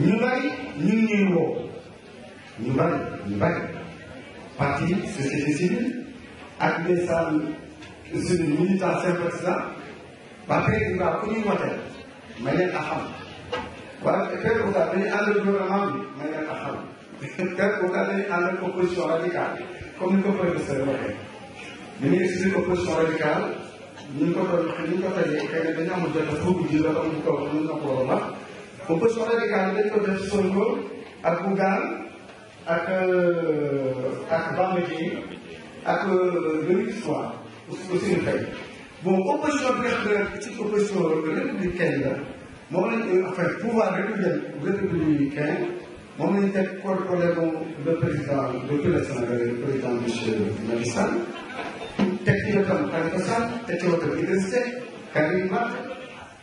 ñu bari ñun ñuy woo ñu bari ñu bari parti société civile ak les salles suñu militant sympathisant ba pare waa ku ñuy wote ma leen a xam waaye keroog daal dañuy ànd gouvernement bi ma leen a xam keroog daal dañuy ànd opposition radicale comme ni ko professeur waxee. ñu ngi expliqué opposition radicale ñu ko doon ñu ko tojee xëy na dañu amul a fukki ji la comme ko wax ñu a opposition radicale dañ ko def Sonko ak Bougane ak euh, ak Bamba Dièye ak Louga euh, Soie aussi ñu fay bon opposition bi nga xam ne ci opposition républicaine la moom lañ enfin pouvoir républicain moom lañ teg corps collègue le président depuis le Sénégal le président monsieur Macky Sall teg ci wetam Khalifa Sall teg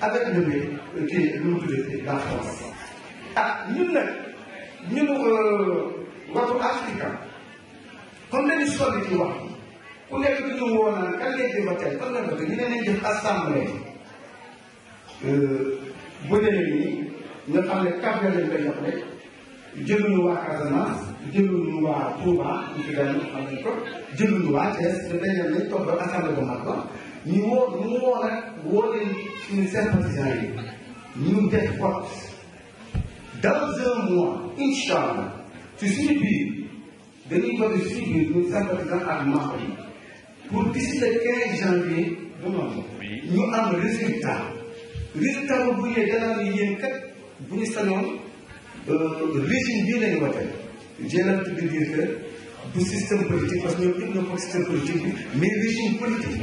avec le B kii nu mu tuddee la France ah ñun nag ñun euh, waxu africain comme dañu sori ci wax ku nekk du ñu woo naan kan ngeen di voté kan la bëgg ñu ne nañ def assemblée euh, bu dee nii nga xam ne kàddu lañ koy jox rek jëluñu waa Casamance jëluñu waa Touba ñu ci gàllankoor xam nañ ko jëluñu waa Thiès te dañ leen nañ toog ba mag ba ñu woo ñu woo nag woo sommes partisans. nous force. Dans un mois, une chambre, tu subis de l'Union du sud du ministère partisans à Mali. Pour d'ici le 15 janvier, nous avons un résultat. Résultat, vous voyez, dans le lien 4, vous savez, régime bien les J'ai l'habitude de dire que le système politique, parce que nous n'avons pas un système politique, mais le régime politique.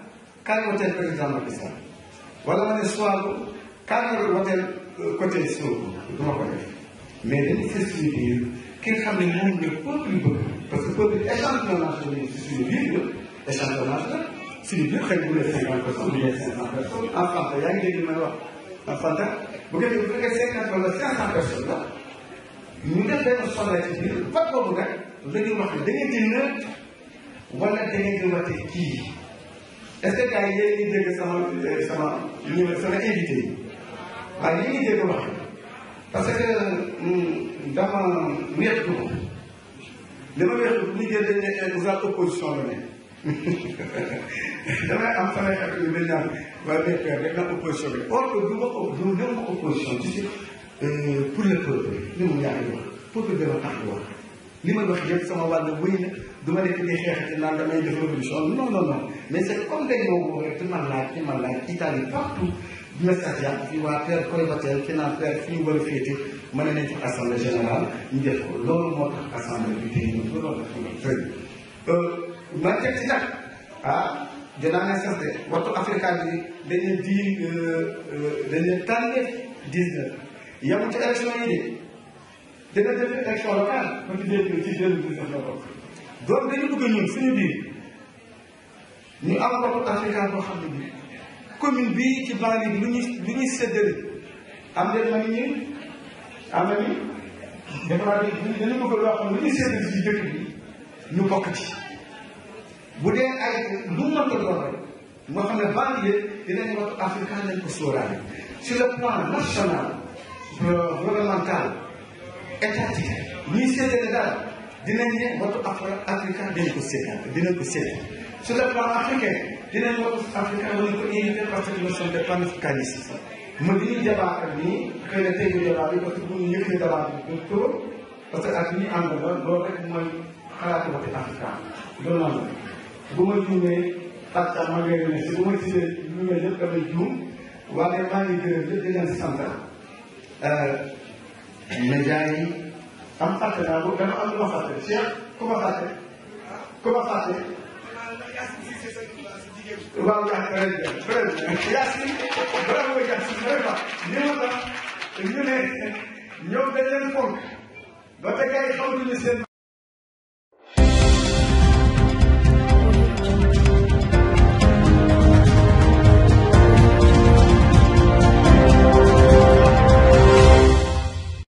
kan woteel président Macky Sall wala ma ne suwaabu kan woteel côté Sonko du mais dañu seet suñu biir ki nga xam ne moom la parce que peuple échantillonnage la ñu si suñu biir la échantillonnage la suñu biir xëy na bu dee cinquante personnes bu dee cinq cent personnes en français yaa ngi dégg may wax en français bu ngeen bu fekkee cinquante wala cinq cent personnes la ñu def benn soxla ci biir ba boobu nag est-ce que gars yi yéen sama sama yi waaye li ngi dégg wax parce que dama wéetu ko dama wéetu bu ñu génnee ne vous opposition la ne am samay affaire yu mel ni am waaye bépp rek opposition bi or que du ma du ma opposition ci euh, pour le peuple li mu ñaari wax pour que dama tax wax li may wax yëpp sama wàll wëy la du ma nekk di xeexati naan damay def révolution non non non mais c'est comme dañ ma woo rek ci man laaj ci man laaj Italie partout message yaa fii waa terre colibataire fi naan terre fi ñu war a féete mën nañ ci assemblée générale ñu def ko loolu moo tax assemblée bi tey ñu loolu la xam nga très euh, man teg ci nag ah dinaa ne sax de waxtu africain bi di euh, euh, dañu tànn dix-neuf yamu ci élection dina def élection locale ba ci dégg ci deux mille dix-neuf la dañu bëgg ñun suñu biir ñu am bopp africain boo xam ne bi commune bii ci banlieue bi lu ñuy lu ñuy séddale am leen man am na ni dafa bi dañu bëgg loo xam ne lu ñuy séddale ci dëkk bi ñu bokk ci bu dee ay lu mën ko doon moo xam ne banlieue dinañ bopp africain lañ ko sóoraale sur le plan national euh, gouvernemental étatique ñuy séddale daal dinañ ne wattu africain dañ ko séddale dinañ ko séddale sur le plan africain dinañ wattu africain wala ko invité parce que nous sommes des ma li ñuy débat nii xëy na tegu débat bi parce que bu ñu yëkkee débat bi du trop parce que ak ñi ànd la loolu mooy xalaatu waxi africain loolu noonu bu ma juumee pàcca ma ngay ne si bu ma gisee lu mel yëpp damay juum waaye maa ngi gërëm yëpp di leen sant média yi am fàtte naa ko dama am lu ma fàtte Cheikh ku ma fàtte ku ma fàtte waaw yaa très bien très bien Yacine bravo Yacine vraiment li ma tax ñu ne ñoom dañ leen fonk ba te gars yi xamatuñu seen